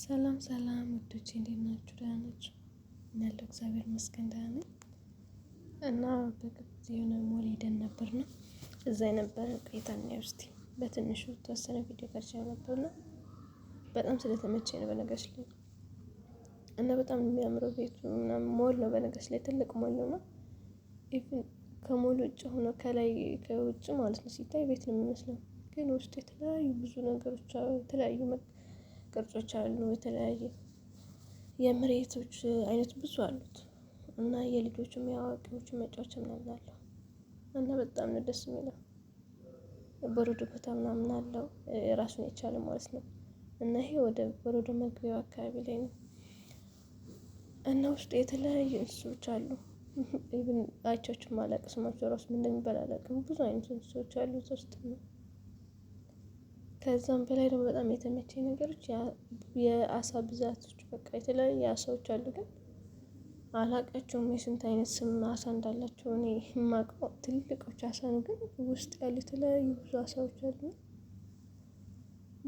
ሰላም ሰላም ውዶቼ እንዴት ናችሁ? ደህና ናችሁ? ያለው እግዚአብሔር ይመስገን ደህና ነኝ። እና በቅርብ የሆነ ሞል ሄደን ነበር ነው እዛ የነበረ ቆይታ ዩኒቨርሲቲ በትንሹ ተወሰነ ቪዲዮ ቀርጬ ነበር ነው በጣም ስለተመቸኝ ነው በነገች ላይ እና በጣም የሚያምረው ቤቱ ምናምን ሞል ነው በነገች ላይ ትልቅ ሞል ነው። ኢቭን ከሞል ውጭ ሆኖ ከላይ ከውጭ ማለት ነው ሲታይ ቤት ነው የሚመስለው፣ ግን ውስጡ የተለያዩ ብዙ ነገሮች የተለያዩ ቅርጾች አሉ። የተለያየ የመሬቶች አይነት ብዙ አሉት እና የልጆችም የአዋቂዎችም መጫወቻ ምናምን አለው እና በጣም ነው ደስ የሚለው። በረዶ ቦታ ምናምን አለው ራሱን የቻለ ማለት ነው። እና ይሄ ወደ በረዶ መግቢያው አካባቢ ላይ ነው እና ውስጡ የተለያዩ እንስሶች አሉ። አይቻቸው ማላውቅ ስማቸው ራሱ ምን እንደሚባል አላውቅም። ብዙ አይነት እንስሶች አሉ ውስጥ ነው ከዛም በላይ ደግሞ በጣም የተመቸኝ ነገሮች የአሳ ብዛቶች በቃ የተለያዩ አሳዎች አሉ ግን አላውቃቸውም የስንት አይነት ስም አሳ እንዳላቸው እኔ የማውቀው ትልልቆች አሳ ነው ግን ውስጥ ያሉ የተለያዩ ብዙ አሳዎች አሉ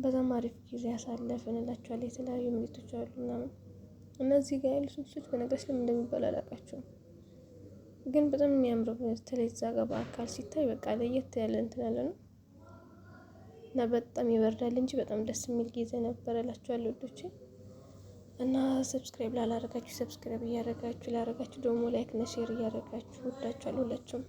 በጣም አሪፍ ጊዜ ያሳለፍን እላቸዋለሁ የተለያዩ ምርቶች አሉ ምናምን እነዚህ ጋር ያሉ ምስሎች በነገስ ለምን እንደሚባል አላውቃቸውም ግን በጣም የሚያምረው በተለይ ዛጋ በአካል ሲታይ በቃ ለየት ያለ እንትን ያለ ነው እና በጣም ይበርዳል እንጂ በጣም ደስ የሚል ጊዜ ነበር እላችኋለሁ ውዶቼ። እና ሰብስክራይብ ላላረጋችሁ ሰብስክራይብ እያረጋችሁ ላረጋችሁ ደግሞ ላይክ እና ሼር እያረጋችሁ ወዳችኋለሁ ሁላችሁም።